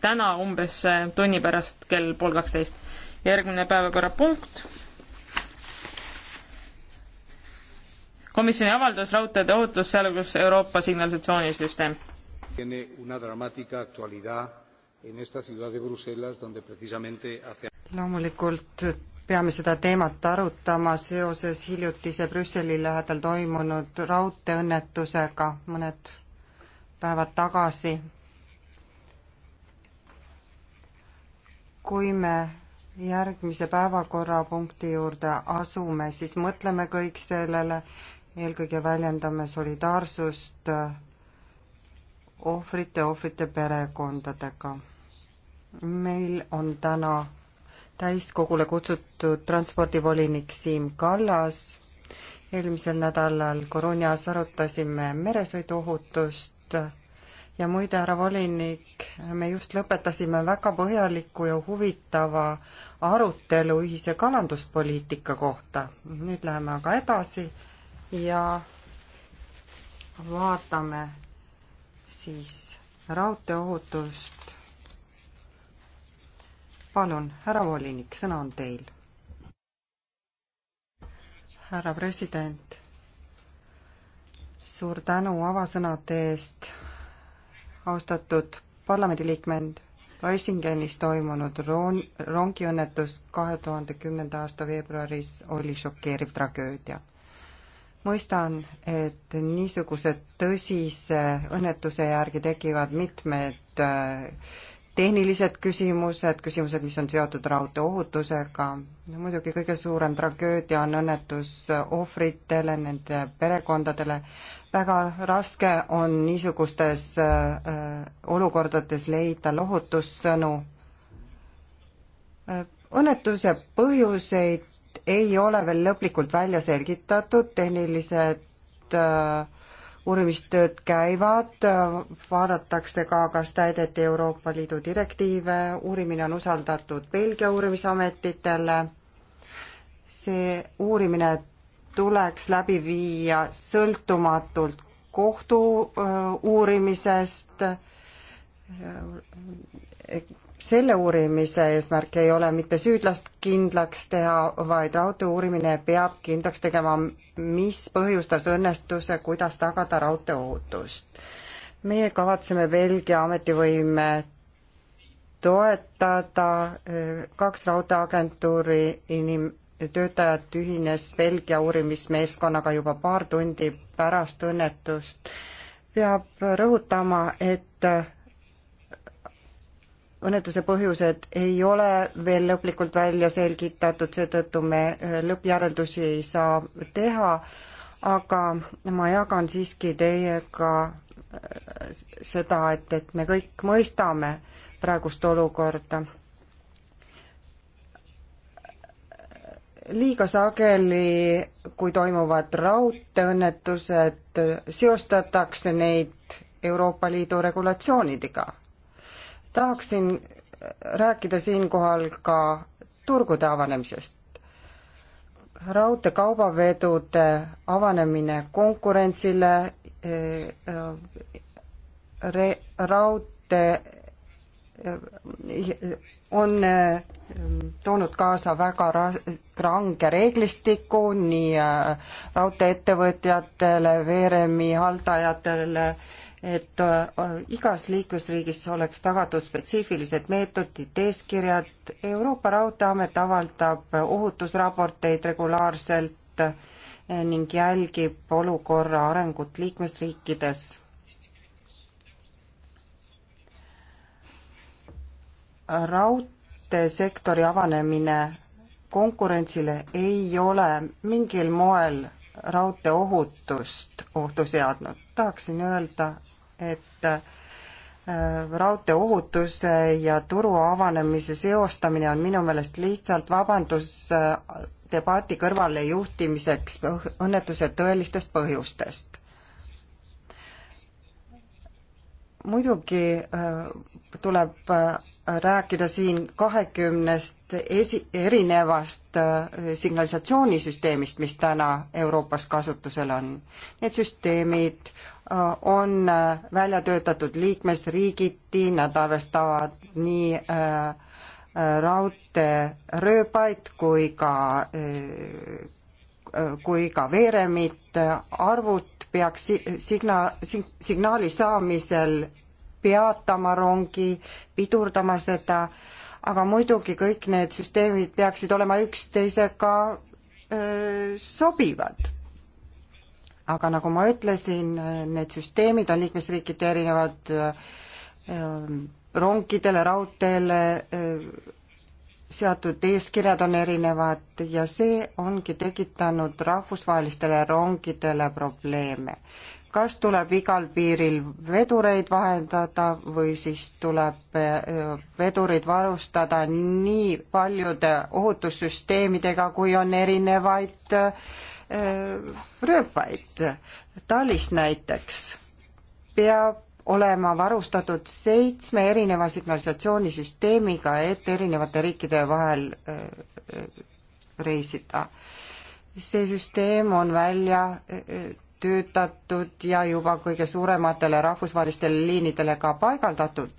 täna umbes äh, tunni pärast kell pool kaksteist. järgmine päevakorrapunkt. komisjoni avaldus raudteede ohutus, sealhulgas Euroopa signalisatsioonisüsteem. loomulikult peame seda teemat arutama seoses hiljutise Brüsseli lähedal toimunud raudteeõnnetusega mõned päevad tagasi kui me järgmise päevakorrapunkti juurde asume, siis mõtleme kõik sellele, eelkõige väljendame solidaarsust ohvrite, ohvrite perekondadega. meil on täna täiskogule kutsutud transpordivolinik Siim Kallas. eelmisel nädalal Korunjas arutasime meresõiduohutust ja muide, härra volinik, me just lõpetasime väga põhjaliku ja huvitava arutelu ühise kalanduspoliitika kohta. nüüd läheme aga edasi ja vaatame siis raudteeohutust. palun, härra volinik, sõna on teil. härra president, suur tänu avasõnade eest austatud parlamendiliikmed, Oissingenis toimunud roon-, rongiõnnetus kahe tuhande kümnenda aasta veebruaris oli šokeeriv tragöödia. mõistan, et niisuguse tõsise õnnetuse järgi tekivad mitmed äh, tehnilised küsimused, küsimused, mis on seotud raudtee ohutusega, no muidugi kõige suurem tragöödia on õnnetus ohvritele, nende perekondadele, väga raske on niisugustes äh, äh, olukordades leida lohutussõnu. Äh, õnnetuse põhjuseid ei ole veel lõplikult välja selgitatud, tehnilised äh, uurimistööd käivad, vaadatakse ka, kas täideti Euroopa Liidu direktiive, uurimine on usaldatud Belgia uurimisametitele, see uurimine tuleks läbi viia sõltumatult kohtu äh, uurimisest, selle uurimise eesmärk ei ole mitte süüdlast kindlaks teha, vaid raudtee uurimine peab kindlaks tegema, mis põhjustas õnnetuse, kuidas tagada raudteeohutust. meie kavatseme Belgia ametivõime toetada, eh, kaks raudteeagentuuri inim-, töötajat ühines Belgia uurimismeeskonnaga juba paar tundi pärast õnnetust. peab rõhutama, et õnnetuse põhjused ei ole veel lõplikult välja selgitatud, seetõttu me äh, lõppjäreldusi ei saa teha, aga ma jagan siiski teiega äh, seda, et, et me kõik mõistame praegust olukorda. liiga sageli, kui toimuvad raudteeõnnetused, seostatakse neid Euroopa Liidu regulatsioonidega tahaksin rääkida siinkohal ka turgude avanemisest. raudtee kaubavedude avanemine konkurentsile, eh, re-, raudtee eh, on eh, toonud kaasa väga ra-, range reeglistiku nii raudteeettevõtjatele, veeremi haldajatele, et äh, igas liikmesriigis oleks tagatud spetsiifilised meetodid, eeskirjad, Euroopa Raudteeamet avaldab ohutusraporteid regulaarselt äh, ning jälgib olukorra arengut liikmesriikides raudteesektori avanemine konkurentsile ei ole mingil moel raudteeohutust ohtu seadnud. tahaksin öelda, et äh, raudtee ohutuse ja turu avanemise seostamine on minu meelest lihtsalt vabandus äh, debati kõrvalejuhtimiseks õnnetuse tõelistest põhjustest. muidugi äh, tuleb rääkida siin kahekümnest esi, erinevast äh, signalisatsioonisüsteemist, mis täna Euroopas kasutusel on. Need süsteemid äh, on äh, välja töötatud liikmesriigiti, nad arvestavad nii raudteerööbaid kui ka, kui ka veeremit, arvud peaks signa-, signaali saamisel peatama rongi, pidurdama seda, aga muidugi kõik need süsteemid peaksid olema üksteisega sobivad. aga nagu ma ütlesin, need süsteemid on liikmesriikide erinevad rongidele, raudteele seatud eeskirjad on erinevad ja see ongi tekitanud rahvusvahelistele rongidele probleeme kas tuleb igal piiril vedureid vahendada või siis tuleb äh, vedurid varustada nii paljude ohutussüsteemidega, kui on erinevaid äh, rööpaid. Talis näiteks peab olema varustatud seitsme erineva signalisatsioonisüsteemiga, et erinevate riikide vahel äh, reisida. see süsteem on välja töötatud ja juba kõige suurematele rahvusvahelistele liinidele ka paigaldatud.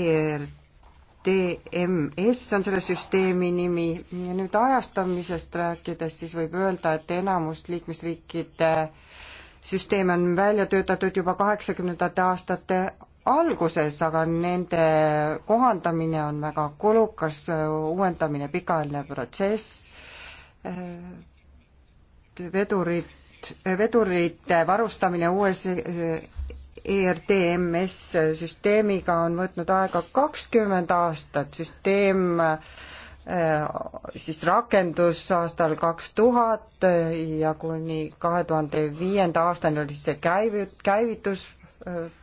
ERTMS on selle süsteemi nimi ja nüüd ajastamisest rääkides siis võib öelda, et enamus liikmesriikide süsteem on välja töötatud juba kaheksakümnendate aastate alguses, aga nende kohandamine on väga kulukas, uuendamine pikaajaline protsess, vedurid et eh, vedurite varustamine uues ERTMS eh, e eh, süsteemiga on võtnud aega kakskümmend aastat, süsteem siis rakendus aastal kaks tuhat ja kuni kahe tuhande viienda aastani oli see käivi-, käivitus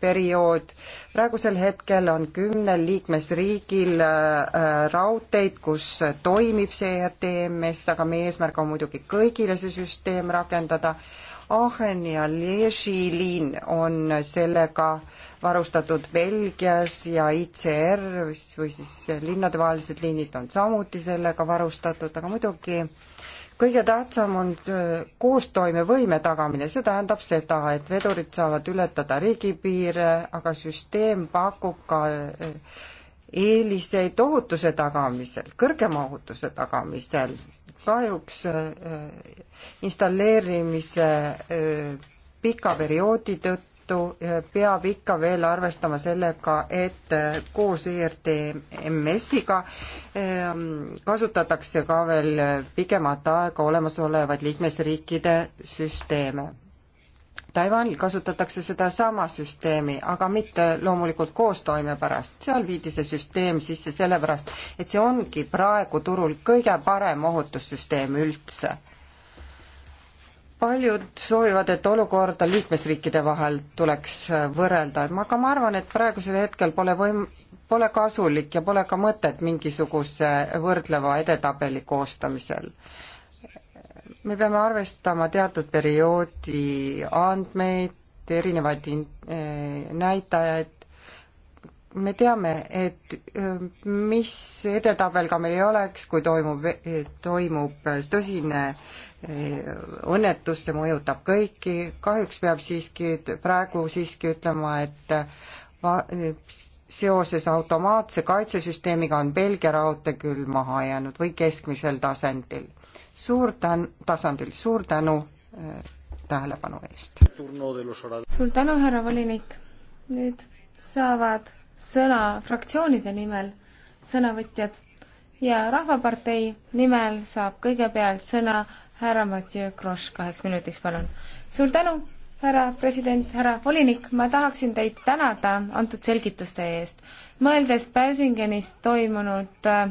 periood. praegusel hetkel on kümnel liikmesriigil äh, äh, raudteid, kus toimib see e RTMS, aga meie eesmärk on muidugi kõigile see süsteem rakendada. Aacheni ja Liegi liin on sellega varustatud Belgias ja ICR või siis linnadevahelised liinid on samuti sellega varustatud, aga muidugi äh, kõige tähtsam on äh, koostoimevõime tagamine, see tähendab seda, et vedurid saavad ületada riigipiire, aga süsteem pakub ka äh, eeliseid ohutuse tagamisel, kõrgema ohutuse tagamisel. kahjuks äh, installeerimise pika perioodi tõttu tõttu eh, peab ikka veel arvestama sellega, et eh, koos ERTMS-iga eh, kasutatakse ka veel pikemat aega olemasolevaid liikmesriikide süsteeme. Taiwanil kasutatakse sedasama süsteemi, aga mitte loomulikult koostoime pärast, seal viidi see süsteem sisse sellepärast, et see ongi praegu turul kõige parem ohutussüsteem üldse paljud soovivad, et olukorda liikmesriikide vahel tuleks äh, võrrelda, et ma, aga ma arvan, et praegusel hetkel pole võim-, pole kasulik ja pole ka mõtet mingisuguse võrdleva edetabeli koostamisel. me peame arvestama teatud perioodi andmeid, erinevaid in-, äh, näitajaid, me teame, et mis edetabel ka meil ei oleks, kui toimub, toimub tõsine õnnetus, see mõjutab kõiki, kahjuks peab siiski, praegu siiski ütlema, et va-, seoses automaatse kaitsesüsteemiga on Belgia raudtee küll maha jäänud või keskmisel tasandil. suur tän-, tasandil, suur tänu tähelepanu eest! suur tänu, härra volinik! nüüd saavad sõna fraktsioonide nimel sõnavõtjad ja Rahvapartei nimel saab kõigepealt sõna härra Mathieu Grosch, kaheks minutiks palun. suur tänu, härra president, härra volinik, ma tahaksin teid tänada antud selgituste eest. mõeldes Pääsingenis toimunud äh,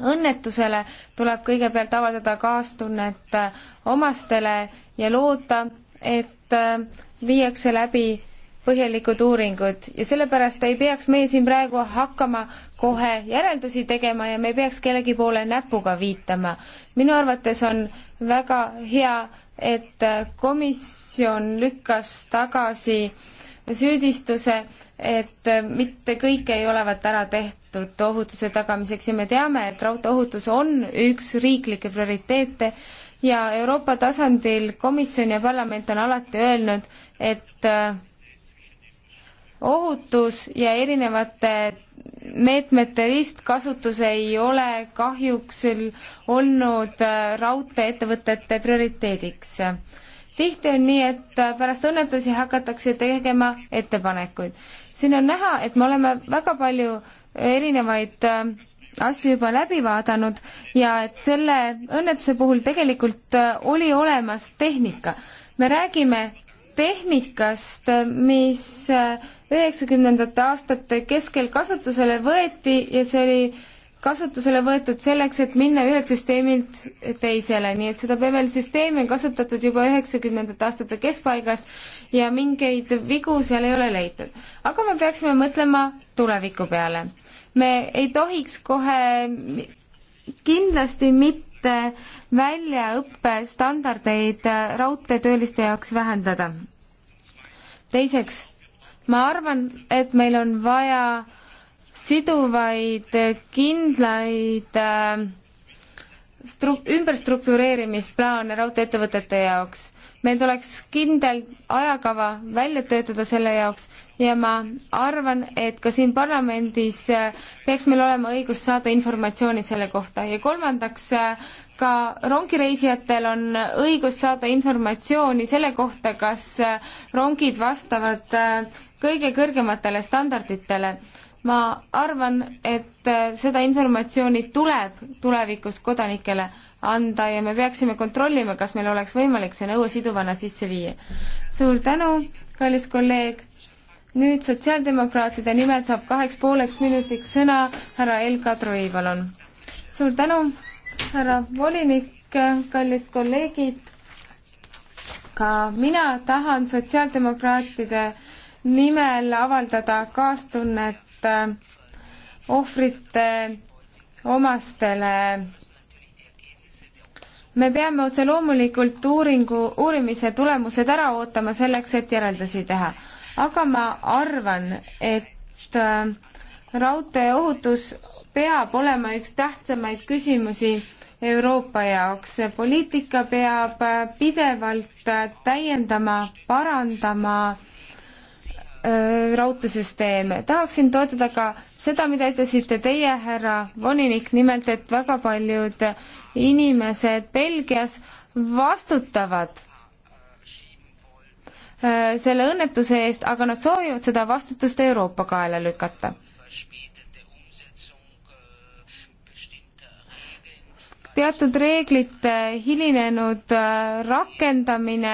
õnnetusele, tuleb kõigepealt avaldada kaastunnet äh, omastele ja loota, et äh, viiakse läbi põhjalikud uuringud ja sellepärast ei peaks meie siin praegu hakkama kohe järeldusi tegema ja me ei peaks kellegi poole näpuga viitama. minu arvates on väga hea, et komisjon lükkas tagasi süüdistuse, et mitte kõike ei olevat ära tehtud ohutuse tagamiseks ja me teame, et raudteeohutus on üks riiklikke prioriteete ja Euroopa tasandil komisjon ja parlament on alati öelnud, et äh, ohutus ja erinevate meetmete ristkasutus ei ole kahjuks olnud äh, raudteeettevõtete prioriteediks. tihti on nii, et äh, pärast õnnetusi hakatakse tegema ettepanekuid. siin on näha, et me oleme väga palju erinevaid äh, asju juba läbi vaadanud ja et selle õnnetuse puhul tegelikult oli olemas tehnika. me räägime tehnikast, mis üheksakümnendate aastate keskel kasutusele võeti ja see oli kasutusele võetud selleks, et minna ühelt süsteemilt teisele, nii et seda PBL-süsteemi on kasutatud juba üheksakümnendate aastate keskpaigast ja mingeid vigu seal ei ole leitud. aga me peaksime mõtlema tuleviku peale. me ei tohiks kohe kindlasti mitte väljaõppestandardeid raudteetööliste jaoks vähendada. teiseks ma arvan, et meil on vaja siduvaid, kindlaid äh, stru-, ümberstruktureerimisplaane raudtee-ettevõtete jaoks. meil tuleks kindel ajakava välja töötada selle jaoks ja ma arvan, et ka siin parlamendis äh, peaks meil olema õigus saada informatsiooni selle kohta ja kolmandaks, äh, ka rongireisijatel on õigus saada informatsiooni selle kohta, kas äh, rongid vastavad kõige kõrgematele standarditele. ma arvan, et seda informatsiooni tuleb tulevikus kodanikele anda ja me peaksime kontrollima, kas meil oleks võimalik see nõue siduvana sisse viia. suur tänu, kallis kolleeg nüüd sotsiaaldemokraatide nimel saab kaheks pooleks minutiks sõna härra Elka Troi, palun. suur tänu, härra volinik, kallid kolleegid. ka mina tahan sotsiaaldemokraatide nimel avaldada kaastunnet äh, ohvrite omastele me peame otse loomulikult uuringu, uurimise tulemused ära ootama selleks, et järeldusi teha aga ma arvan, et äh, raudteeohutus peab olema üks tähtsamaid küsimusi Euroopa jaoks. poliitika peab äh, pidevalt äh, täiendama, parandama raudteesüsteeme. tahaksin toetada ka seda, mida ütlesite teie, härra volinik, nimelt et väga paljud inimesed Belgias vastutavad Äh, selle õnnetuse eest, aga nad soovivad seda vastutust Euroopa kaela lükata. teatud reeglite hilinenud äh, rakendamine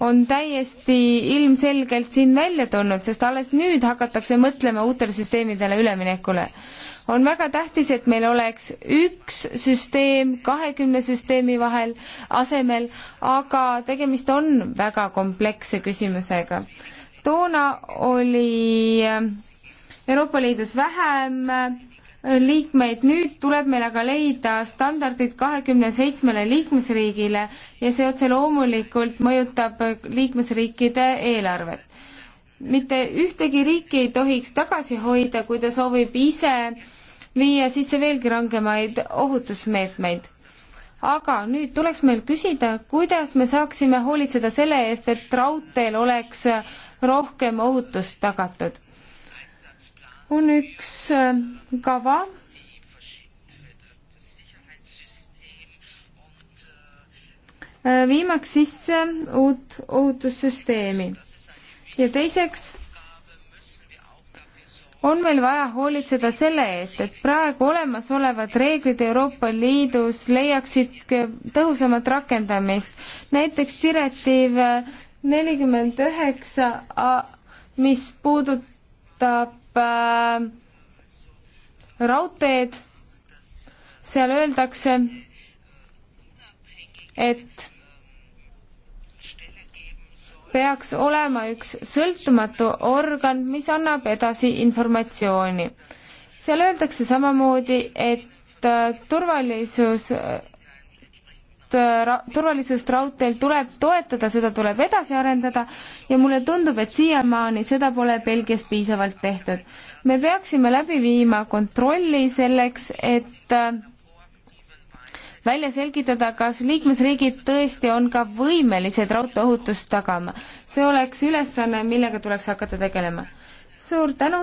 on täiesti ilmselgelt siin välja tulnud, sest alles nüüd hakatakse mõtlema uutele süsteemidele üleminekule on väga tähtis, et meil oleks üks süsteem kahekümne süsteemi vahel asemel, aga tegemist on väga kompleksse küsimusega. toona oli äh, Euroopa Liidus vähem äh, liikmeid, nüüd tuleb meil aga leida standardid kahekümne seitsmele liikmesriigile ja see otse loomulikult mõjutab liikmesriikide eelarvet mitte ühtegi riiki ei tohiks tagasi hoida, kui ta soovib ise viia sisse veelgi rangemaid ohutusmeetmeid. aga nüüd tuleks meil küsida, kuidas me saaksime hoolitseda selle eest, et raudteel oleks rohkem ohutust tagatud. on üks äh, kava äh, viimaks sisse uut ohutussüsteemi ja teiseks on meil vaja hoolitseda selle eest, et praegu olemasolevad reeglid Euroopa Liidus leiaksid tõhusamat rakendamist. näiteks direktiiv nelikümmend üheksa, mis puudutab äh, raudteed, seal öeldakse, et peaks olema üks sõltumatu organ, mis annab edasi informatsiooni. seal öeldakse samamoodi, et äh, turvalisus ra-, äh, turvalisust raudteel tuleb toetada, seda tuleb edasi arendada ja mulle tundub, et siiamaani seda pole Belgias piisavalt tehtud. me peaksime läbi viima kontrolli selleks, et äh, välja selgitada, kas liikmesriigid tõesti on ka võimelised raudteeohutust tagama. see oleks ülesanne, millega tuleks hakata tegelema. suur tänu,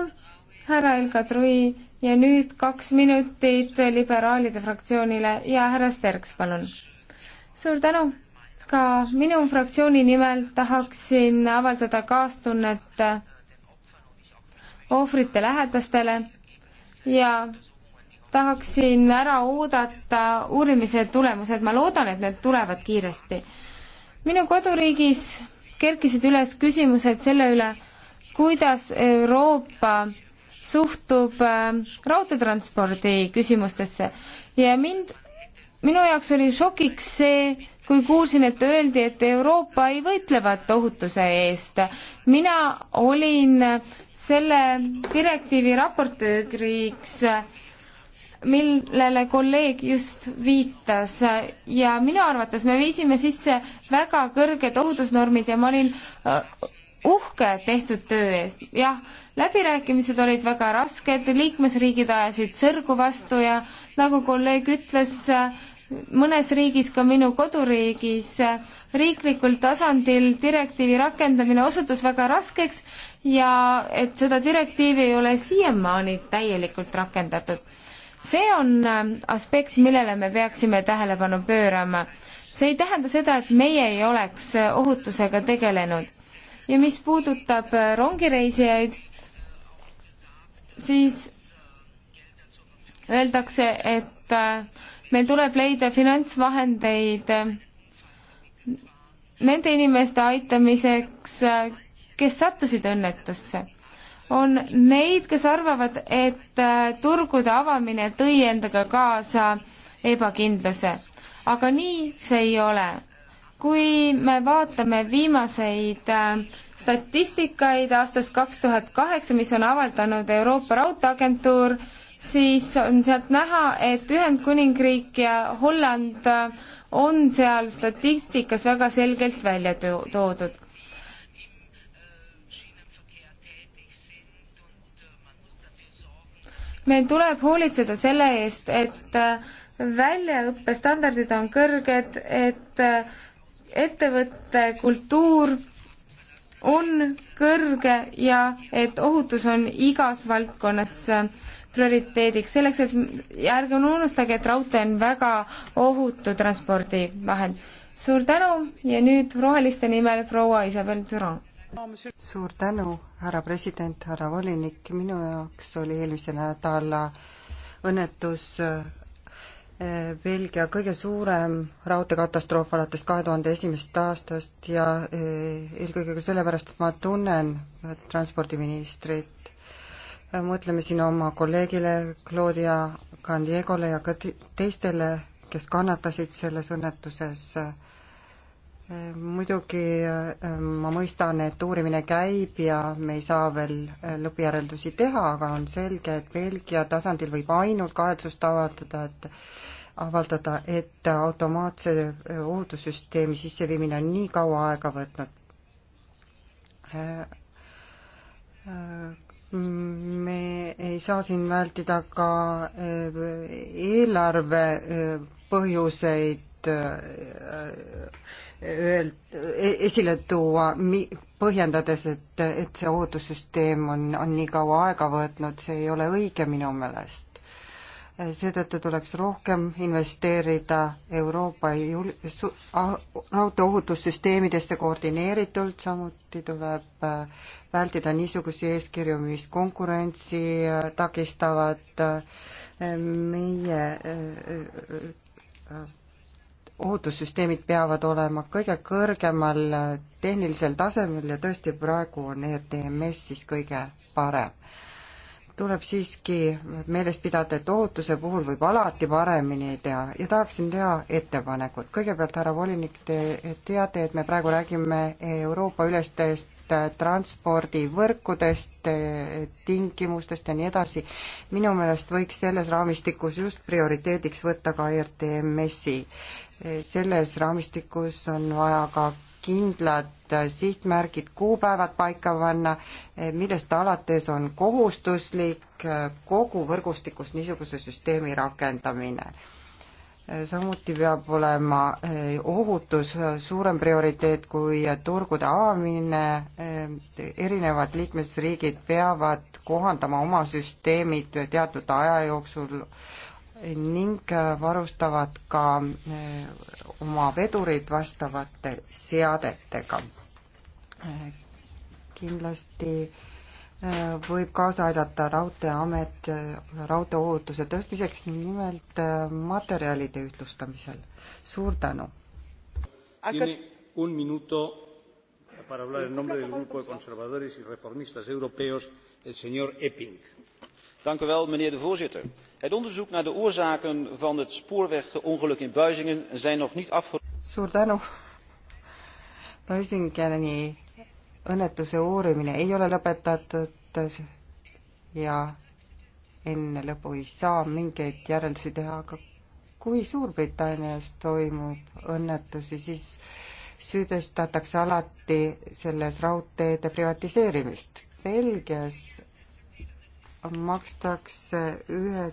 härra Elka Trui ja nüüd kaks minutit liberaalide fraktsioonile ja härra Sterks, palun. suur tänu, ka minu fraktsiooni nimel tahaksin avaldada kaastunnet ohvrite lähedastele ja tahaksin ära oodata uurimise tulemused, ma loodan, et need tulevad kiiresti. minu koduriigis kerkisid üles küsimused selle üle, kuidas Euroopa suhtub äh, raudteetranspordi küsimustesse ja mind, minu jaoks oli šokiks see, kui kuulsin, et öeldi, et Euroopa ei võitlevat ohutuse eest. mina olin selle direktiivi raportööriks äh, millele kolleeg just viitas ja minu arvates me viisime sisse väga kõrged ohutusnormid ja ma olin äh, uhke tehtud töö eest. jah, läbirääkimised olid väga rasked, liikmesriigid ajasid sõrgu vastu ja nagu kolleeg ütles, mõnes riigis, ka minu koduriigis, riiklikul tasandil direktiivi rakendamine osutus väga raskeks ja et seda direktiivi ei ole siiamaani täielikult rakendatud see on äh, aspekt, millele me peaksime tähelepanu pöörama. see ei tähenda seda, et meie ei oleks äh, ohutusega tegelenud. ja mis puudutab äh, rongireisijaid, siis öeldakse, et meil tuleb leida finantsvahendeid nende inimeste aitamiseks, kes sattusid õnnetusse on neid, kes arvavad, et äh, turgude avamine tõi endaga kaasa ebakindluse. aga nii see ei ole. kui me vaatame viimaseid äh, statistikaid aastast kaks tuhat kaheksa, mis on avaldanud Euroopa Raudteeagentuur, siis on sealt näha, et Ühendkuningriik ja Holland äh, on seal statistikas väga selgelt välja toodud meil tuleb hoolitseda selle eest, et äh, väljaõppestandardid on kõrged, et äh, ettevõtte kultuur on kõrge ja et ohutus on igas valdkonnas äh, prioriteediks, selleks et ja ärge unustage, et raudtee on väga ohutu transpordivahend. suur tänu ja nüüd roheliste nimel proua Isabel Durand suur tänu, härra president, härra volinik, minu jaoks oli eelmise nädala õnnetus eh, Belgia kõige suurem raudteekatastroof alates kahe tuhande esimesest aastast ja eh, eelkõige ka sellepärast, et ma tunnen transpordiministrit. mõtleme siin oma kolleegile Claudia Candiegole ja ka teistele, kes kannatasid selles õnnetuses muidugi ehm, ma mõistan, et uurimine käib ja me ei saa veel eh, lõppjäreldusi teha, aga on selge, et Belgia tasandil võib ainult kahetsust avaldada, et avaldada, et automaatse eh, ohutussüsteemi sisseviimine on nii kaua aega võtnud. Eh, me ei saa siin vältida ka eelarve põhjuseid, Äh, öel-, e-, esile tuua, mi-, põhjendades, et, et see ohutussüsteem on, on nii kaua aega võtnud, see ei ole õige minu meelest. seetõttu tuleks rohkem investeerida Euroopa jul-, su-, raudteeohutussüsteemidesse koordineeritult, samuti tuleb äh, vältida niisuguseid eeskirju, mis konkurentsi äh, takistavad meie ohutussüsteemid peavad olema kõige kõrgemal tehnilisel tasemel ja tõesti praegu on ERTMS siis kõige parem. tuleb siiski meeles pidada, et ohutuse puhul võib alati paremini teha ja tahaksin teha ettepanekut. kõigepealt, härra volinik, te teate, et me praegu räägime Euroopa ülestest Äh, transpordivõrkudest, äh, tingimustest ja nii edasi. minu meelest võiks selles raamistikus just prioriteediks võtta ka RTMS-i. Äh, selles raamistikus on vaja ka kindlad sihtmärgid, kuupäevad paika panna, millest alates on kohustuslik kogu võrgustikus niisuguse süsteemi rakendamine samuti peab olema eh, ohutus suurem prioriteet kui turgude avamine, eh, erinevad liikmesriigid peavad kohandama oma süsteemid teatud aja jooksul ning eh, varustavad ka oma vedurid vastavate seadetega. kindlasti võib kaasa aidata Raudteeamet raudteeohutuse tõstmiseks, nimelt äh, materjalide ühtlustamisel. suur tänu! para hablar en nombre del Grupo de Conservadores y Reformistas Europeos, el señor Epping. Dank u wel, meneer de voorzitter. Het onderzoek naar de oorzaken van het spoorwegongeluk in Buizingen zijn nog niet afgerond. Suur tänu. Buizingeni õnnetuse uurimine ei ole lõpetatud ja enne lõpu ei saa mingeid järeldusi teha, aga kui Suurbritannias toimub õnnetusi, siis süüdistatakse alati selles raudteede privatiseerimist. Belgias makstakse ühe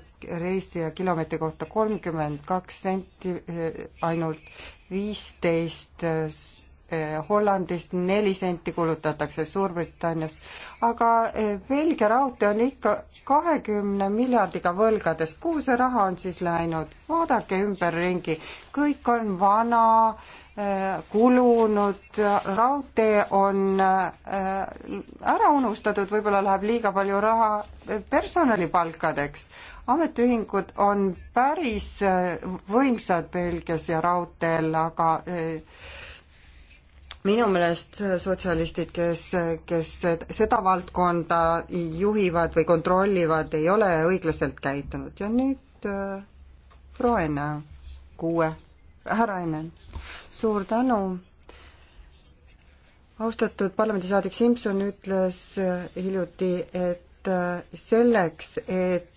reisija kilomeetri kohta kolmkümmend kaks senti eh, ainult, viisteist Eh, Hollandis neli senti kulutatakse Suurbritannias, aga eh, Belgia raudtee on ikka kahekümne miljardiga võlgades, kuhu see raha on siis läinud? vaadake ümberringi, kõik on vana, eh, kulunud, raudtee on ära unustatud, võib-olla läheb liiga palju raha personalipalkadeks. ametiühingud on päris võimsad Belgias ja raudteel, aga minu meelest sotsialistid, kes, kes seda valdkonda juhivad või kontrollivad, ei ole õiglaselt käitunud ja nüüd äh, proua Enne, kuue, härra Enne, suur tänu. austatud parlamendisaadik Simson ütles hiljuti, et äh, selleks, et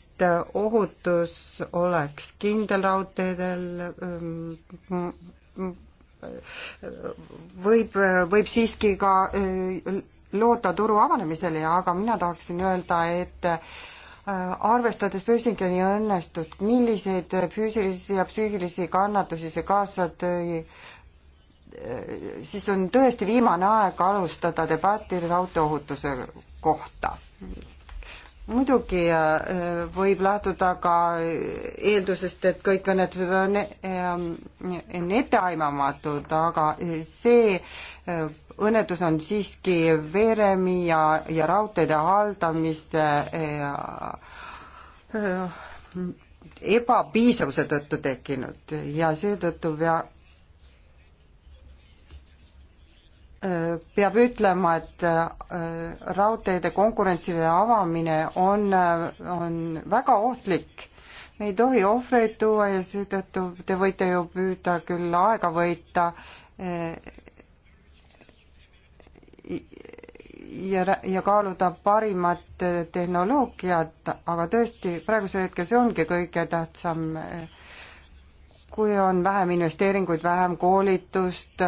ohutus oleks kindel raudteedel, ähm, võib, võib siiski ka äh, loota turu avanemisele, aga mina tahaksin öelda, et äh, arvestades Pösingeni õnnestust, milliseid füüsilisi ja psüühilisi kannatusi see kaasa tõi, äh, siis on tõesti viimane aeg alustada debatti autoohutuse kohta muidugi äh, võib lähtuda ka eeldusest, et kõik õnnetused on äh, etteaimamatud, aga see äh, õnnetus on siiski veeremi ja, ja raudteede haldamise ebapiisavuse tõttu tekkinud ja seetõttu pea, Äh, peab ütlema, et äh, raudteede konkurentsile avamine on, äh, on väga ohtlik. me ei tohi ohvreid tuua ja seetõttu te võite ju püüda küll aega võita ja, ja kaaluda parimat tehnoloogiat, aga tõesti, praegusel hetkel see ongi kõige tähtsam äh, kui on vähem investeeringuid, vähem koolitust,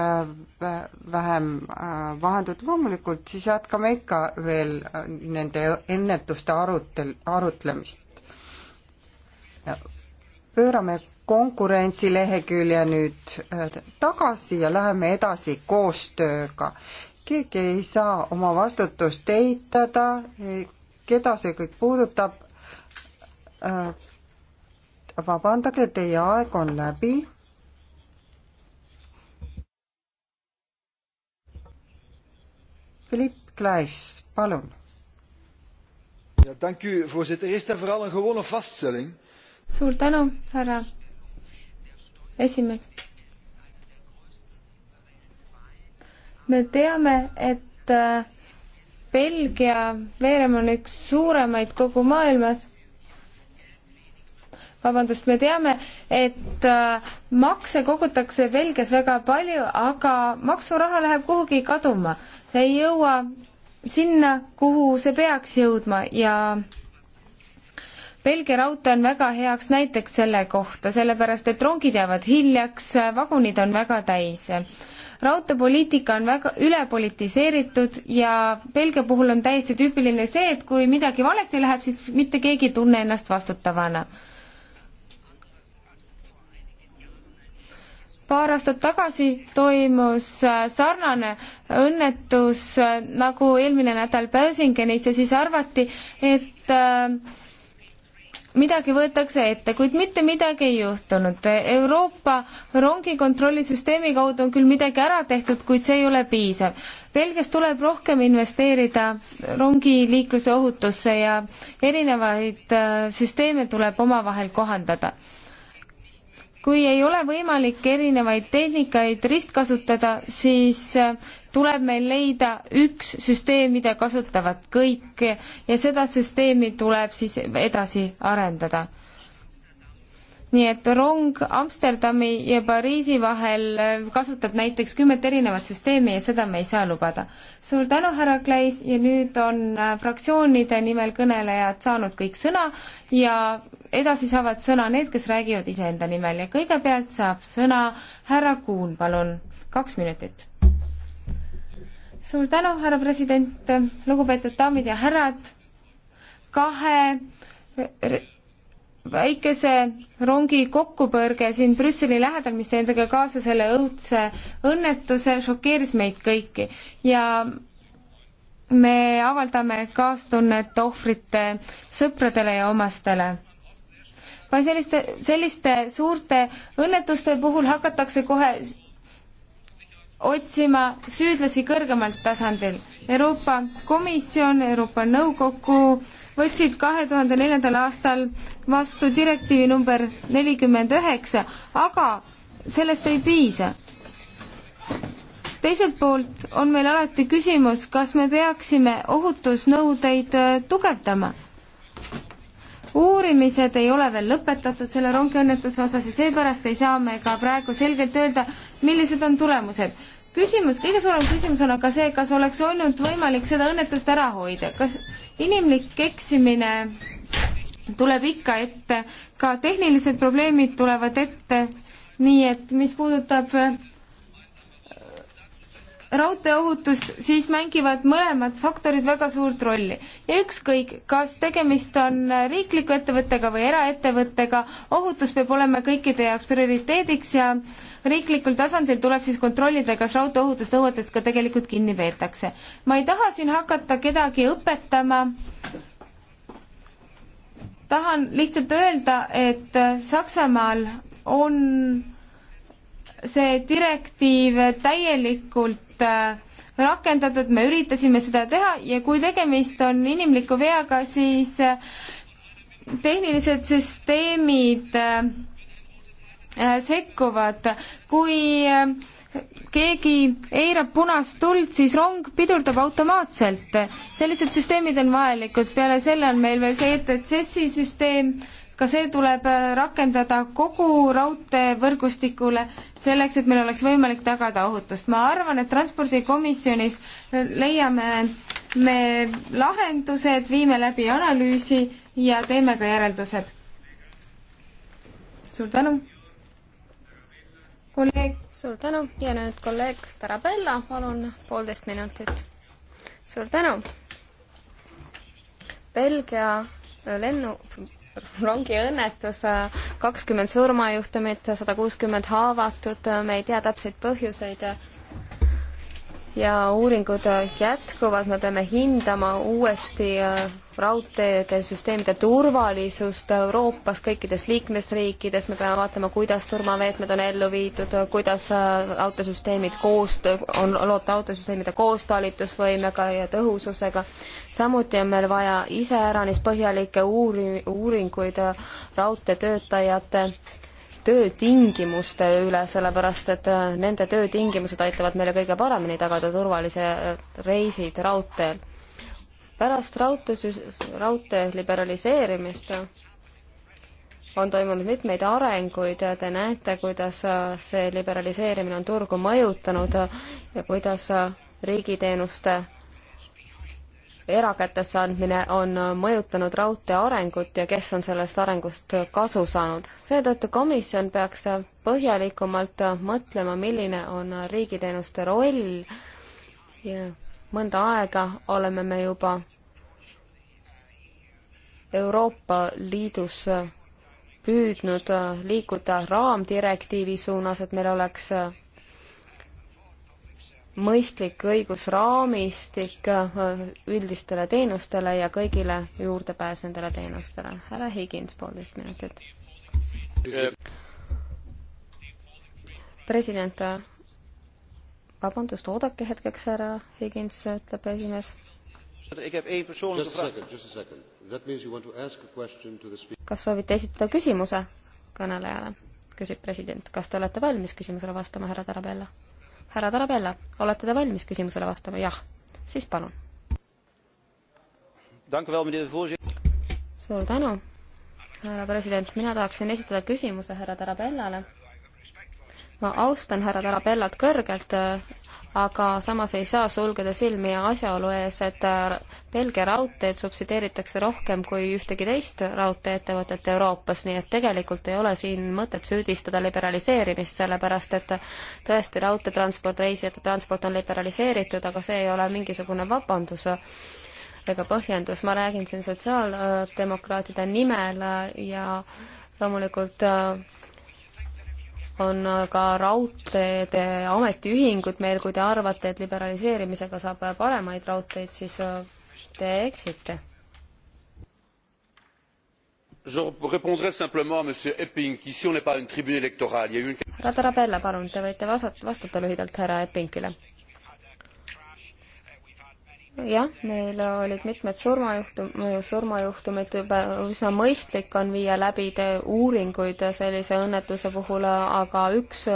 vähem äh, vahendit, loomulikult siis jätkame ikka veel äh, nende ennetuste arutel, arutlemist. pöörame konkurentsilehekülje nüüd äh, tagasi ja läheme edasi koostööga. keegi ei saa oma vastutust eitada, keda see kõik puudutab vabandage, teie aeg on läbi. Philipp Kleis, palun. ja tänk u, voorzitter, eerst en vooral een gewone vaststelling. suur tänu, härra esimees. me teame, et äh, Belgia veerem on üks suuremaid kogu maailmas vabandust, me teame, et äh, makse kogutakse Belgias väga palju, aga maksuraha läheb kuhugi kaduma. see ei jõua sinna, kuhu see peaks jõudma ja Belgia raudtee on väga heaks näiteks selle kohta, sellepärast et rongid jäävad hiljaks, vagunid on väga täis. raudteepoliitika on väga ülepolitiseeritud ja Belgia puhul on täiesti tüüpiline see, et kui midagi valesti läheb, siis mitte keegi ei tunne ennast vastutavana paar aastat tagasi toimus äh, sarnane õnnetus äh, nagu eelmine nädal Pärsingenis ja siis arvati, et äh, midagi võetakse ette, kuid mitte midagi ei juhtunud. Euroopa rongikontrollisüsteemi kaudu on küll midagi ära tehtud, kuid see ei ole piisav. Belgias tuleb rohkem investeerida rongiliikluse ohutusse ja erinevaid süsteeme tuleb omavahel kohandada kui ei ole võimalik erinevaid tehnikaid ristkasutada, siis äh, tuleb meil leida üks süsteem, mida kasutavad kõik ja seda süsteemi tuleb siis edasi arendada nii et rong Amsterdami ja Pariisi vahel äh, kasutab näiteks kümmet erinevat süsteemi ja seda me ei saa lubada. suur tänu, härra Kleis, ja nüüd on äh, fraktsioonide nimel kõnelejad saanud kõik sõna ja edasi saavad sõna need, kes räägivad iseenda nimel ja kõigepealt saab sõna härra Kuun, palun, kaks minutit. suur tänu, härra president, lugupeetud daamid ja härrad, kahe väikese rongi kokkupõrge siin Brüsseli lähedal, mis tõi endaga kaasa selle õudse õnnetuse, šokeeris meid kõiki ja me avaldame kaastunnet ohvrite sõpradele ja omastele. vaid selliste, selliste suurte õnnetuste puhul hakatakse kohe otsima süüdlasi kõrgemalt tasandil. Euroopa Komisjon, Euroopa Nõukogu äh, võtsid kahe tuhande neljandal aastal vastu direktiivi number nelikümmend üheksa, aga sellest ei piisa. teiselt poolt on meil alati küsimus, kas me peaksime ohutusnõudeid äh, tugevdama. uurimised ei ole veel lõpetatud selle rongiõnnetuse osas ja seepärast ei saa me ka praegu selgelt öelda, millised on tulemused küsimus, kõige suurem küsimus on aga see, kas oleks olnud võimalik seda õnnetust ära hoida, kas inimlik eksimine tuleb ikka ette, ka tehnilised probleemid tulevad ette, nii et mis puudutab äh, raudteeohutust, siis mängivad mõlemad faktorid väga suurt rolli. ja ükskõik, kas tegemist on riikliku ettevõttega või eraettevõttega, ohutus peab olema kõikide jaoks prioriteediks ja äh, riiklikul tasandil tuleb siis kontrollida, kas raudteeohutusnõuetest ka tegelikult kinni peetakse. ma ei taha siin hakata kedagi õpetama, tahan lihtsalt öelda, et Saksamaal on see direktiiv täielikult äh, rakendatud, me üritasime seda teha ja kui tegemist on inimliku veaga, siis äh, tehnilised süsteemid äh, Äh, sekkuvad, kui äh, keegi eirab punast tuld, siis rong pidurdab automaatselt. sellised süsteemid on vajalikud, peale selle on meil veel see ETCS-i süsteem, ka see tuleb äh, rakendada kogu raudteevõrgustikule, selleks et meil oleks võimalik tagada ohutust. ma arvan, et Transpordikomisjonis leiame me lahendused, viime läbi analüüsi ja teeme ka järeldused. suur tänu! kolleeg. suur tänu ja nüüd kolleeg Tarabella, palun poolteist minutit. suur tänu. Belgia lennu, rongiõnnetus, kakskümmend surmajuhtumit, sada kuuskümmend haavatut, me ei tea täpseid põhjuseid ja uuringud jätkuvad, me peame hindama uuesti raudteede süsteemide turvalisust Euroopas kõikides liikmesriikides, me peame vaatama, kuidas turvameetmed on ellu viidud, kuidas äh, autosüsteemid koostöö, on loota autosüsteemide koostalitusvõimega ja tõhususega. samuti on meil vaja iseäranis põhjalikke uuri-, uuringuid äh, raudteetöötajate töötingimuste üle, sellepärast et äh, nende töötingimused aitavad meile kõige paremini tagada turvalise reisid raudteel pärast raudtee, raudtee liberaliseerimist on toimunud mitmeid arenguid ja te näete, kuidas äh, see liberaliseerimine on turgu mõjutanud ja kuidas äh, riigiteenuste erakätesse andmine on äh, mõjutanud raudtee arengut ja kes on sellest arengust kasu saanud. seetõttu komisjon peaks põhjalikumalt mõtlema, milline on riigiteenuste roll ja mõnda aega oleme me juba Euroopa Liidus püüdnud äh, liikuda raamdirektiivi suunas, et meil oleks äh, mõistlik õigusraamistik äh, üldistele teenustele ja kõigile juurdepääs nendele teenustele. härra Higins, poolteist minutit. president vabandust, oodake hetkeks ära, Higins ütleb esimees. kas soovite esitada küsimuse kõnelejale? küsib president. kas te olete valmis küsimusele vastama, härra Tarabella? härra Tarabella, olete te valmis küsimusele vastama? jah. siis palun. suur tänu, härra president. mina tahaksin esitada küsimuse härra Tarabellale ma austan härra Tarabellat kõrgelt, äh, aga samas ei saa sulgeda silmi asjaolu ees, et äh, Belgia raudteed subsideeritakse rohkem kui ühtegi teist raudtee-ettevõtet Euroopas, nii et tegelikult ei ole siin mõtet süüdistada liberaliseerimist, sellepärast et tõesti, raudteetransport, reisijate transport on liberaliseeritud, aga see ei ole mingisugune vabandus ega põhjendus, ma räägin siin sotsiaaldemokraatide nimel äh, ja loomulikult äh, on ka raudteede ametiühingud meil, kui te arvate, et liberaliseerimisega saab paremaid raudteid, siis äh, te eksite. härra Tarabella, palun, te võite vastata, vastata lühidalt härra Eppingile jah, meil olid mitmed surmajuhtum-, surmajuhtumid, üsna mõistlik on viia läbi uuringuid sellise õnnetuse puhul, aga üks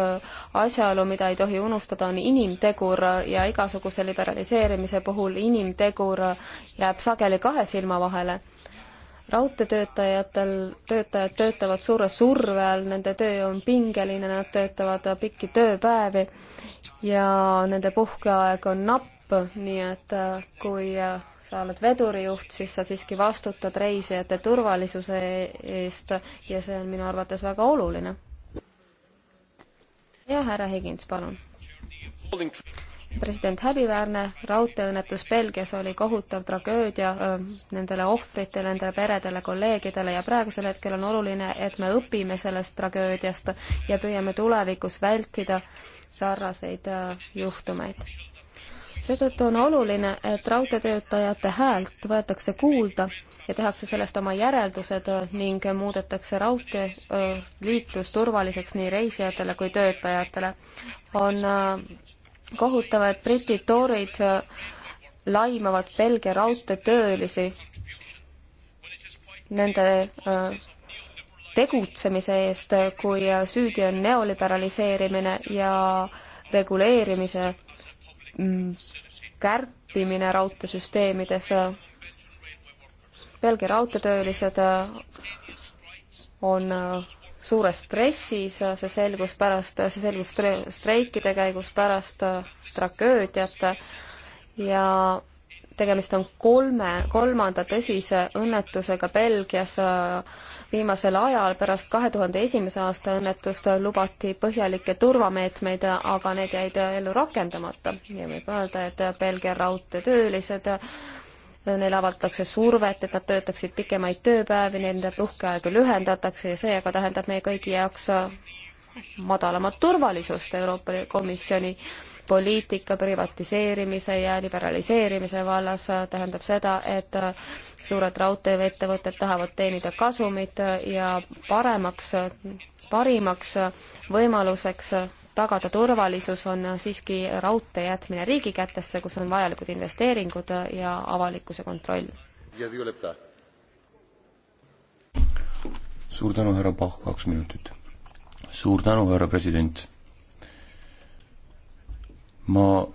asjaolu, mida ei tohi unustada, on inimtegur ja igasuguse liberaliseerimise puhul inimtegur jääb sageli kahe silma vahele raudteetöötajatel, töötajad töötavad suure surve all, nende töö on pingeline, nad töötavad pikki tööpäevi ja nende puhkeaeg on napp lõpp, nii et äh, kui äh, sa oled vedurijuht, siis sa siiski vastutad reisijate turvalisuse eest ja see on minu arvates väga oluline. ja härra Higins, palun. president, häbiväärne raudteeõnnetus Belgias oli kohutav tragöödia äh, nendele ohvritele, nendele peredele, kolleegidele ja praegusel hetkel on oluline, et me õpime sellest tragöödiast ja püüame tulevikus vältida sarnaseid juhtumeid seetõttu on oluline, et raudteetöötajate häält võetakse kuulda ja tehakse sellest oma järeldused ning muudetakse raudteeliiklus turvaliseks nii reisijatele kui töötajatele. on kohutav, et britid toorid laimavad Belgia raudteetöölisi nende tegutsemise eest, kui süüdi on neoliberaliseerimine ja reguleerimise Mm, kärpimine raudteesüsteemides. Äh, Belgia raudteetöölised äh, on äh, suures stressis, see selgus pärast, see selgus streikide käigus pärast tragöödiat ja tegemist on kolme, kolmanda tõsise õnnetusega Belgias äh, viimasel ajal pärast kahe tuhande esimese aasta õnnetust lubati põhjalikke turvameetmeid, aga need jäid ellu rakendamata ja võib öelda, et Belgia raudteetöölised neile avaldatakse survet, et nad töötaksid pikemaid tööpäevi, nende puhkeaegu lühendatakse ja see aga tähendab meie kõigi jaoks madalamat turvalisust Euroopa Komisjoni poliitika privatiseerimise ja liberaliseerimise vallas tähendab seda, et suured raudteeettevõtted tahavad teenida kasumit ja paremaks, parimaks võimaluseks tagada turvalisus on siiski raudtee jätmine riigi kätesse, kus on vajalikud investeeringud ja avalikkuse kontroll. suur tänu, härra Pahv, kaks minutit. suur tänu, härra president ma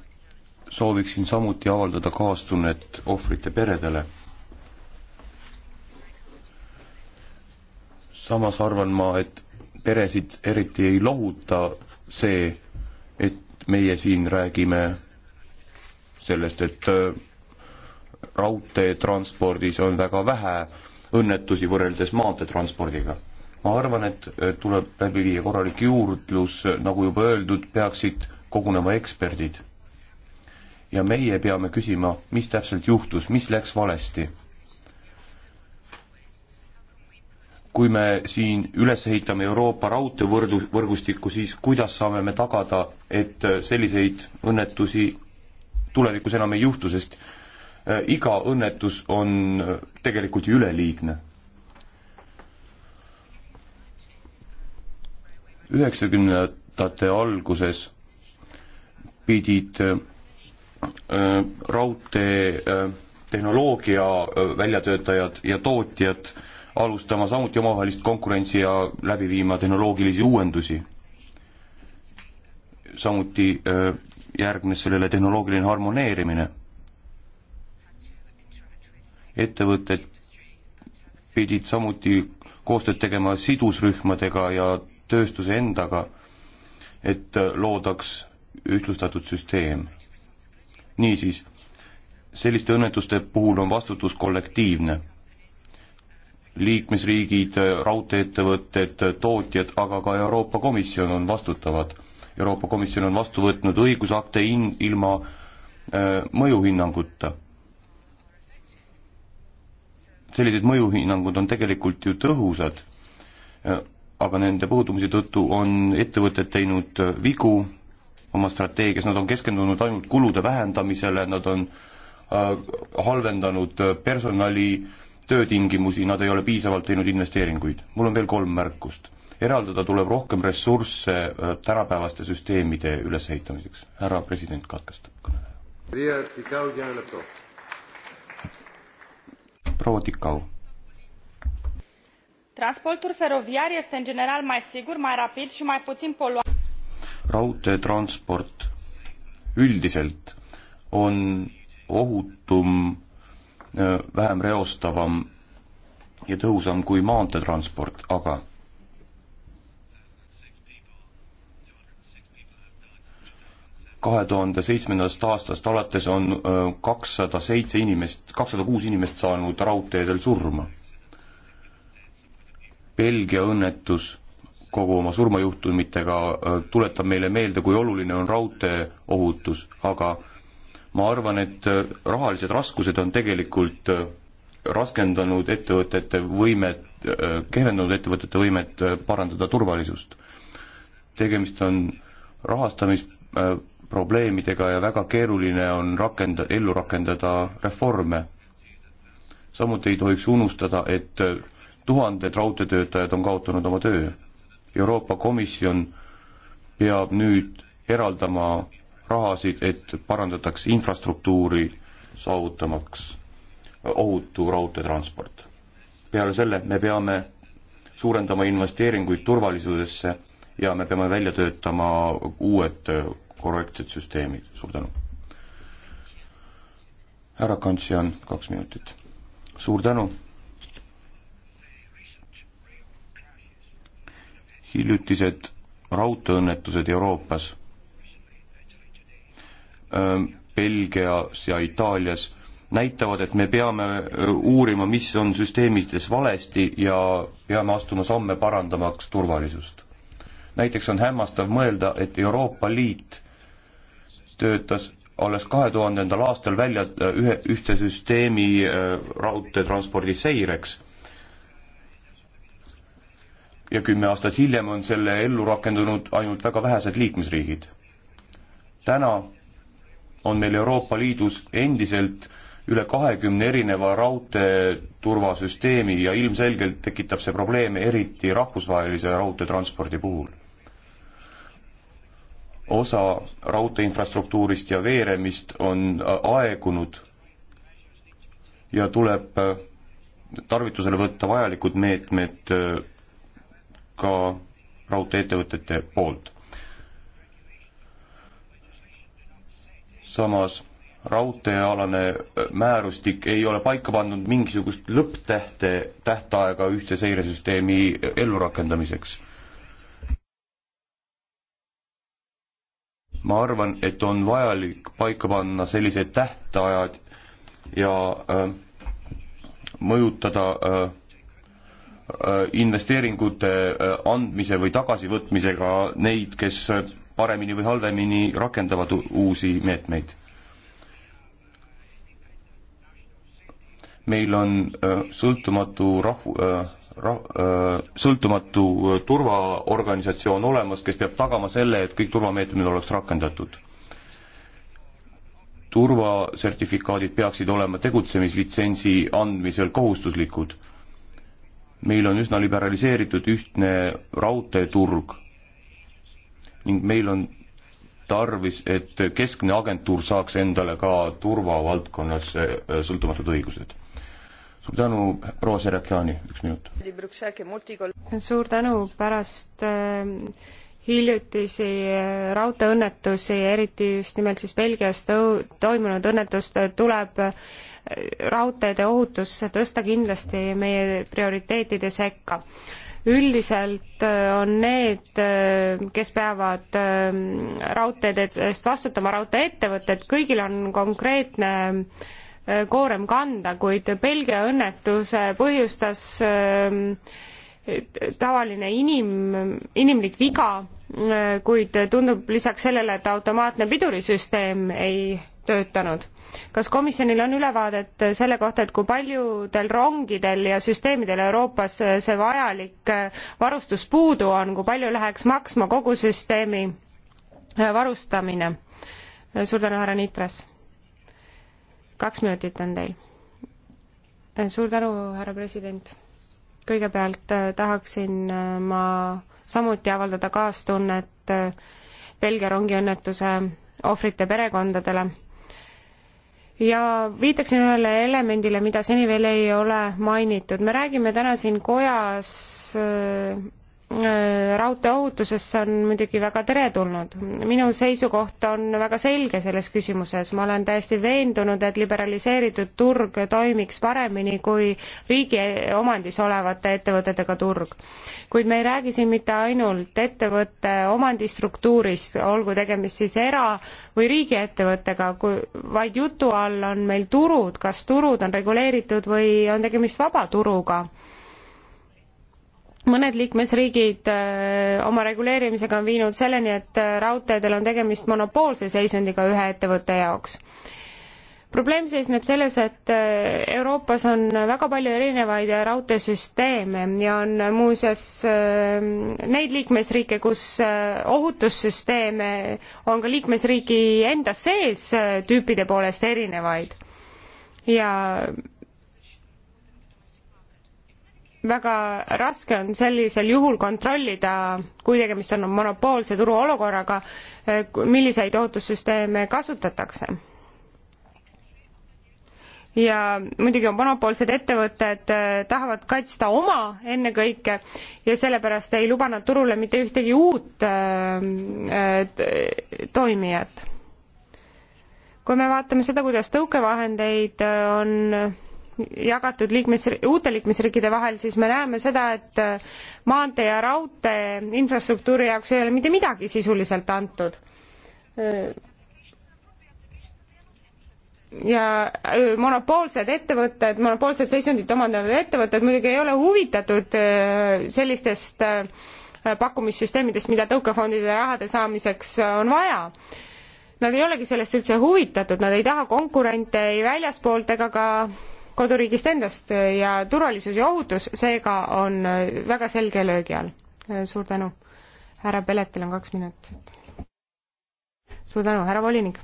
sooviksin samuti avaldada kaastunnet ohvrite peredele. samas arvan ma, et peresid eriti ei lohuta see, et meie siin räägime sellest, et äh, raudteetranspordis on väga vähe õnnetusi võrreldes maanteetranspordiga. ma arvan, et äh, tuleb läbi viia korralik juurdlus, nagu juba öeldud, peaksid kogunema eksperdid. ja meie peame küsima, mis täpselt juhtus, mis läks valesti. kui me siin üles ehitame Euroopa raudteevõrdu, võrgustikku, siis kuidas saame me tagada, et selliseid õnnetusi tulevikus enam ei juhtu, sest äh, iga õnnetus on äh, tegelikult ju üleliigne. üheksakümnendate alguses pidid äh, raudteetehnoloogia äh, äh, väljatöötajad ja tootjad alustama samuti omavahelist konkurentsi ja läbi viima tehnoloogilisi uuendusi. samuti järgnes sellele tehnoloogiline harmoneerimine. ettevõtted pidid samuti koostööd tegema sidusrühmadega ja tööstuse endaga, et loodaks ühtlustatud süsteem. niisiis, selliste õnnetuste puhul on vastutus kollektiivne. liikmesriigid, raudtee-ettevõtted, tootjad, aga ka Euroopa Komisjon on vastutavad. Euroopa Komisjon on vastu võtnud õigusakte in-, ilma äh, mõjuhinnanguta. sellised mõjuhinnangud on tegelikult ju tõhusad, äh, aga nende puudumise tõttu on ettevõtted teinud äh, vigu, oma strateegias, nad on keskendunud ainult kulude vähendamisele, nad on äh, halvendanud äh, personali töötingimusi, nad ei ole piisavalt teinud investeeringuid. mul on veel kolm märkust. eraldada tuleb rohkem ressursse äh, tänapäevaste süsteemide ülesehitamiseks. härra president katkestab kõneleja. proua Tikau transportul feroviar este în general mai sigur mai rapid i mai puin poluant raudteetransport üldiselt on ohutum, äh, vähem reostavam ja tõhusam kui maanteetransport, aga kahe tuhande seitsmendast aastast alates on äh, kakssada seitse inimest, kakssada kuus inimest saanud raudteedel surma. Belgia õnnetus kogu oma surmajuhtumitega äh, tuletab meile meelde, kui oluline on raudtee ohutus, aga ma arvan, et äh, rahalised raskused on tegelikult äh, raskendanud ettevõtete võimet, kehvendanud ettevõtete võimet parandada turvalisust. tegemist on rahastamisprobleemidega ja väga keeruline on rakenda, ellu rakendada reforme. samuti ei tohiks unustada, et tuhanded raudteetöötajad on kaotanud oma töö Euroopa Komisjon peab nüüd eraldama rahasid, et parandataks infrastruktuuri, saavutamaks ohutu raudteetransport. peale selle me peame suurendama investeeringuid turvalisusesse ja me peame välja töötama uued korrektsed süsteemid, suur tänu. härra Kantsian, kaks minutit. suur tänu hiljutised raudteeõnnetused Euroopas, Belgias ja Itaalias, näitavad, et me peame uurima, mis on süsteemides valesti ja peame astuma samme parandamaks turvalisust. näiteks on hämmastav mõelda, et Euroopa Liit töötas alles kahe tuhandendal aastal välja ühe, ühte süsteemi raudteetranspordi seireks ja kümme aastat hiljem on selle ellu rakendunud ainult väga vähesed liikmesriigid. täna on meil Euroopa Liidus endiselt üle kahekümne erineva raudteeturvasüsteemi ja ilmselgelt tekitab see probleeme eriti rahvusvahelise raudteetranspordi puhul. osa raudteeinfrastruktuurist ja veeremist on äh, aegunud ja tuleb äh, tarvitusele võtta vajalikud meetmed äh, ka raudtee-ettevõtete poolt. samas raudteealane määrustik ei ole paika pandud mingisugust lõpptähte, tähtaega ühtse seiresüsteemi ellurakendamiseks. ma arvan, et on vajalik paika panna sellised tähtajad ja äh, mõjutada äh, Äh, investeeringute äh, andmise või tagasivõtmisega neid, kes paremini või halvemini rakendavad uusi meetmeid. meil on äh, sõltumatu rahv-, ra-, sõltumatu turvaorganisatsioon olemas, kes peab tagama selle, et kõik turvameetmed oleks rakendatud. turvasertifikaadid peaksid olema tegutsemislitsentsi andmisel kohustuslikud meil on üsna liberaliseeritud ühtne raudteeturg ning meil on tarvis, et keskne agentuur saaks endale ka turvavaldkonnas äh, sõltumatud õigused. suur tänu, proua Serekiani, üks minut. suur tänu, pärast äh, hiljutisi raudteeõnnetusi, eriti just nimelt siis Belgias toimunud õnnetust, tuleb raudteede ohutus tõsta kindlasti meie prioriteetide sekka. üldiselt on need, kes peavad ähm, raudteede eest vastutama, raudtee-ettevõtted, kõigil on konkreetne äh, koorem kanda, kuid Belgia õnnetuse põhjustas ähm, tavaline inim, inimlik viga, kuid tundub lisaks sellele, et automaatne pidurisüsteem ei töötanud. kas komisjonil on ülevaadet selle kohta, et kui paljudel rongidel ja süsteemidel Euroopas see vajalik varustus puudu on, kui palju läheks maksma kogu süsteemi varustamine? suur tänu, härra Nitras. kaks minutit on teil. suur tänu, härra president kõigepealt äh, tahaksin äh, ma samuti avaldada kaastunnet äh, Belgia rongiõnnetuse ohvrite perekondadele ja viitaksin ühele elemendile, mida seni veel ei ole mainitud. me räägime täna siin kojas Äh, raudteeohutusesse on muidugi väga teretulnud. minu seisukoht on väga selge selles küsimuses, ma olen täiesti veendunud, et liberaliseeritud turg toimiks paremini kui riigi omandis olevate ettevõtetega turg. kuid me ei räägi siin mitte ainult ettevõtte omandistruktuurist, olgu tegemist siis era- või riigiettevõttega, kui, vaid jutu all on meil turud, kas turud on reguleeritud või on tegemist vabaturuga mõned liikmesriigid äh, oma reguleerimisega on viinud selleni, et äh, raudteedel on tegemist monopoolse seisundiga ühe ettevõtte jaoks. probleem seisneb selles, et äh, Euroopas on väga palju erinevaid raudteesüsteeme ja on muuseas neid liikmesriike, kus ohutussüsteeme on ka liikmesriigi enda sees tüüpide poolest erinevaid ja väga raske on sellisel juhul kontrollida, kui tegemist on monopoolse turuolukorraga, eh, milliseid ohutussüsteeme kasutatakse. ja muidugi on monopoolsed ettevõtted eh, tahavad kaitsta oma ennekõike ja sellepärast ei luba nad turule mitte ühtegi uut eh, toimijat. kui me vaatame seda, kuidas tõukevahendeid on jagatud liikmes, uute liikmesriikide vahel, siis me näeme seda, et äh, maantee ja raudtee infrastruktuuri jaoks ei ole mitte midagi sisuliselt antud. Äh, ja äh, monopoolsed ettevõtted, monopoolsed seisundit omandavad ettevõtted muidugi ei ole huvitatud sellistest pakkumissüsteemidest, mida tõukefondide rahade saamiseks on vaja nad ei olegi sellest üldse huvitatud, nad ei taha konkurente ei väljaspoolt ega ka koduriigist endast ja turvalisus ja ohutus seega on väga selge löögi all. suur tänu. härra Peletil on kaks minutit. suur tänu, härra volinik.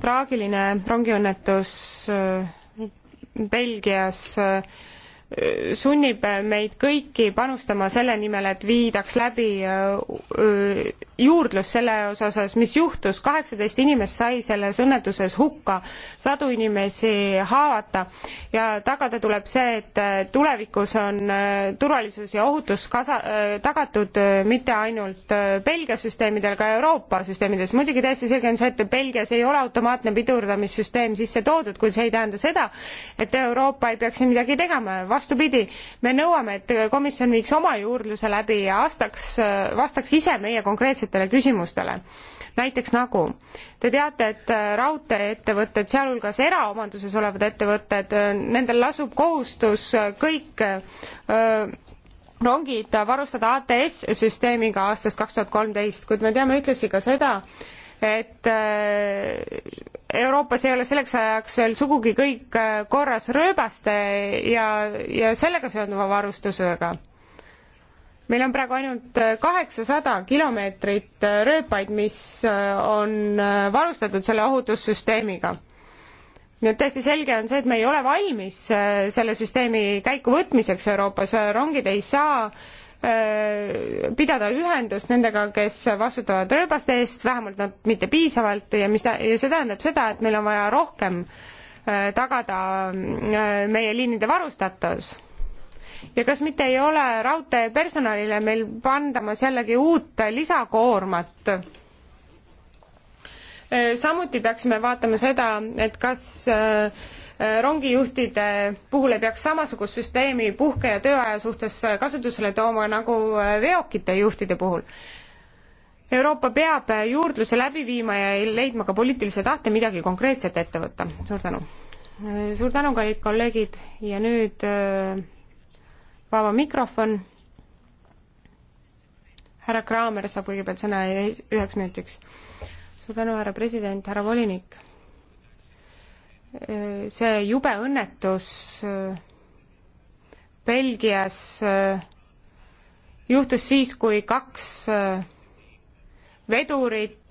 traagiline rongiõnnetus äh, Belgias äh, sunnib meid kõiki panustama selle nimel, et viidaks läbi äh, juurdlus selle osas, mis juhtus, kaheksateist inimest sai selles õnnetuses hukka, sadu inimesi haavata ja tagada tuleb see, et tulevikus on äh, turvalisus ja ohutus kasa-, äh, tagatud äh, mitte ainult Belgia süsteemidel, ka Euroopa süsteemides. muidugi täiesti selge on see, et Belgias ei ole automaatne pidurdamissüsteem sisse toodud, kuid see ei tähenda seda, et Euroopa ei peaks siin midagi tegema, vastupidi, me nõuame, et komisjon viiks oma juurdluse läbi ja astaks, vastaks ise meie konkreetsetele konkreetsetele küsimustele. näiteks nagu, te teate, et äh, raudteeettevõtted, sealhulgas eraomanduses olevad ettevõtted, äh, nendel lasub kohustus äh, kõik öö, rongid varustada ATS süsteemiga aastast kaks tuhat kolmteist, kuid me teame ühtlasi ka seda, et Euroopas ei ole selleks ajaks veel sugugi kõik korras rööbaste ja, ja sellega seonduva varustusega meil on praegu ainult äh, kaheksasada kilomeetrit äh, rööpaid, mis äh, on varustatud selle ohutussüsteemiga. nii et täiesti selge on see, et me ei ole valmis selle süsteemi käikuvõtmiseks Euroopas, rongid ei saa pidada ühendust nendega, kes vastutavad rööbaste eest, vähemalt nad mitte piisavalt ja mis ta, ja see tähendab seda, et meil on vaja rohkem tagada meie liinide varustatus ja kas mitte ei ole raudtee personalile meil pandamas jällegi uut lisakoormat? samuti peaksime vaatama seda, et kas äh, rongijuhtide puhul ei peaks samasugust süsteemi puhke ja tööaja suhtes kasutusele tooma nagu äh, veokite juhtide puhul. Euroopa peab juurdluse läbi viima ja leidma ka poliitilise tahte midagi konkreetset ette võtta. suur tänu. Äh, suur tänu, kallid kolleegid ja nüüd vaba mikrofon. härra Kraamer saab kõigepealt sõna üheks minutiks. suur tänu, härra president, härra volinik. see jube õnnetus äh, Belgias äh, juhtus siis, kui kaks äh, vedurit,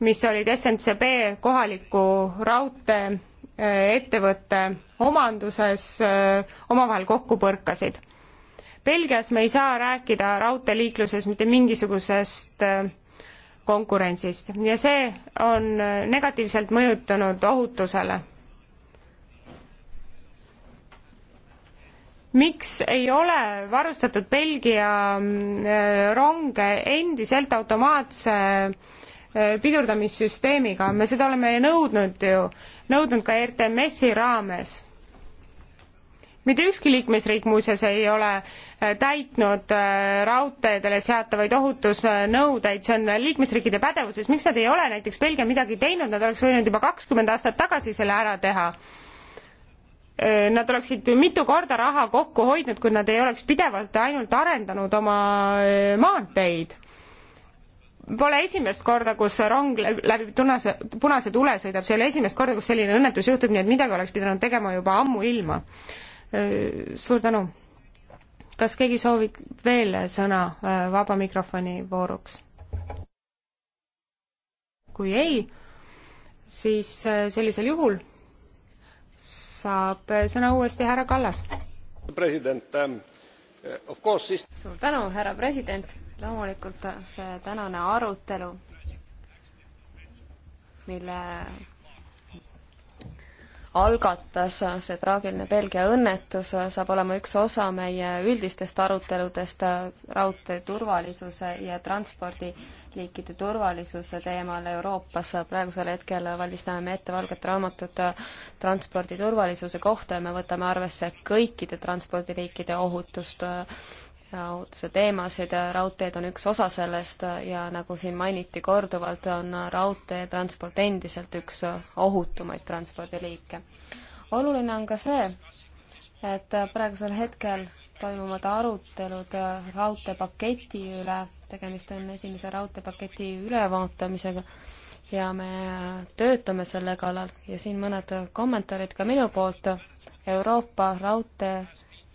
mis olid SNCB kohaliku raudtee Äh, ettevõtte omanduses äh, omavahel kokku põrkasid. Belgias me ei saa rääkida raudteeliikluses mitte mingisugusest äh, konkurentsist ja see on negatiivselt mõjutanud ohutusele miks ei ole varustatud Belgia mm, ronge endiselt automaatse Eh, pidurdamissüsteemiga, me seda oleme nõudnud ju, nõudnud ka RTMS-i raames. mitte ükski liikmesriik muuseas ei ole eh, täitnud eh, raudteedele seatavaid ohutusnõudeid, see on liikmesriikide pädevuses, miks nad ei ole näiteks Belgia midagi teinud, nad oleks võinud juba kakskümmend aastat tagasi selle ära teha nad oleksid mitu korda raha kokku hoidnud, kui nad ei oleks pidevalt ainult arendanud oma maanteid. Pole esimest korda, kus rong läbi tunase, punase tule sõidab, see ei ole esimest korda, kus selline õnnetus juhtub, nii et midagi oleks pidanud tegema juba ammuilma. suur tänu. kas keegi soovib veel sõna vaba mikrofoni vooruks? kui ei, siis sellisel juhul saab sõna uuesti härra Kallas. president um,, of course is... suur tänu, härra president loomulikult see tänane arutelu, mille algatas see traagiline Belgia õnnetus, saab olema üks osa meie üldistest aruteludest raudtee turvalisuse ja transpordiliikide turvalisuse teemal Euroopas. praegusel hetkel valmistame me ette valget raamatut transpordi turvalisuse kohta ja me võtame arvesse kõikide transpordiliikide ohutust raudse teemasid, raudteed on üks osa sellest ja nagu siin mainiti korduvalt, on raudteetransport endiselt üks ohutumaid transpordiliike. oluline on ka see, et praegusel hetkel toimuvad arutelud raudteepaketi üle, tegemist on esimese raudteepaketi ülevaatamisega ja me töötame selle kallal ja siin mõned kommentaarid ka minu poolt. Euroopa raudtee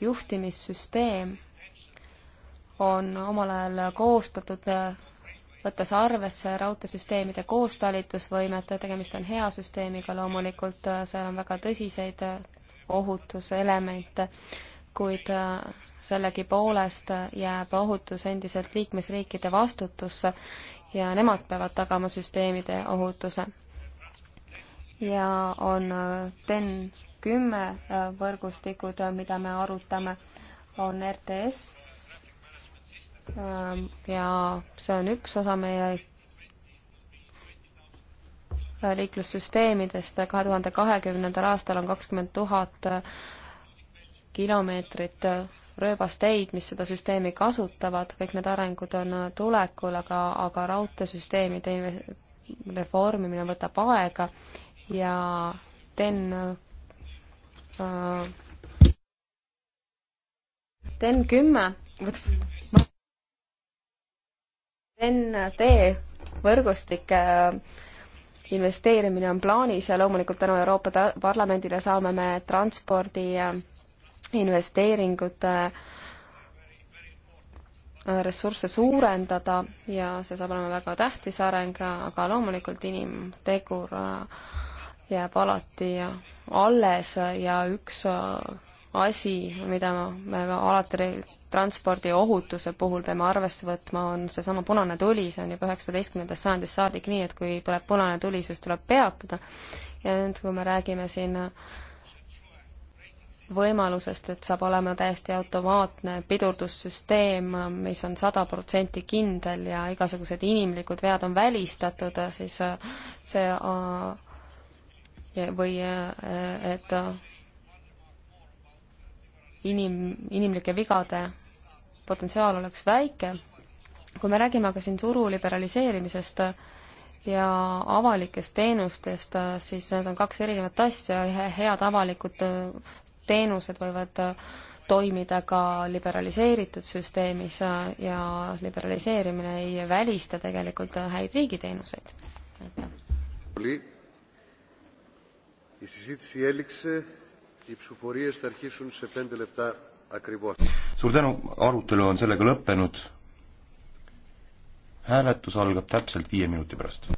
juhtimissüsteem on omal ajal koostatud, võttes arvesse raudteesüsteemide koostalitusvõimet, tegemist on hea süsteemiga loomulikult, seal on väga tõsiseid ohutuselemente, kuid sellegipoolest jääb ohutus endiselt liikmesriikide vastutusse ja nemad peavad tagama süsteemide ohutuse. ja on TEN kümme võrgustikud, mida me arutame, on RTS Ähm, ja see on üks osa meie äh, liiklussüsteemidest, kahe tuhande kahekümnendal aastal on kakskümmend tuhat äh, kilomeetrit äh, rööbasteid, mis seda süsteemi kasutavad, kõik need arengud on tulekul, aga, aga raudteesüsteemide reformimine võtab aega ja TEN äh,, TEN kümme, ND võrgustike äh, investeerimine on plaanis ja loomulikult tänu Euroopa Parlamendile saame me transpordi investeeringute äh, ressursse suurendada ja see saab olema väga tähtis areng, aga loomulikult inimtegur äh, jääb alati alles ja üks asi, mida me alati transpordiohutuse puhul peame arvesse võtma, on seesama punane tuli, see on juba üheksateistkümnendast sajandist saadik nii, et kui põleb punane tuli, siis tuleb peatada. ja nüüd, kui me räägime siin võimalusest, et saab olema täiesti automaatne pidurdussüsteem, mis on sada protsenti kindel ja igasugused inimlikud vead on välistatud, siis see äh, või äh, et äh, inim, inimlike vigade potentsiaal oleks väike. kui me räägime aga siin turu liberaliseerimisest ja avalikest teenustest, siis need on kaks erinevat asja, head avalikud äh, teenused võivad äh, toimida ka liberaliseeritud süsteemis äh, ja liberaliseerimine ei välista tegelikult häid riigiteenuseid. aitäh suur tänu, arutelu on sellega lõppenud. hääletus algab täpselt viie minuti pärast.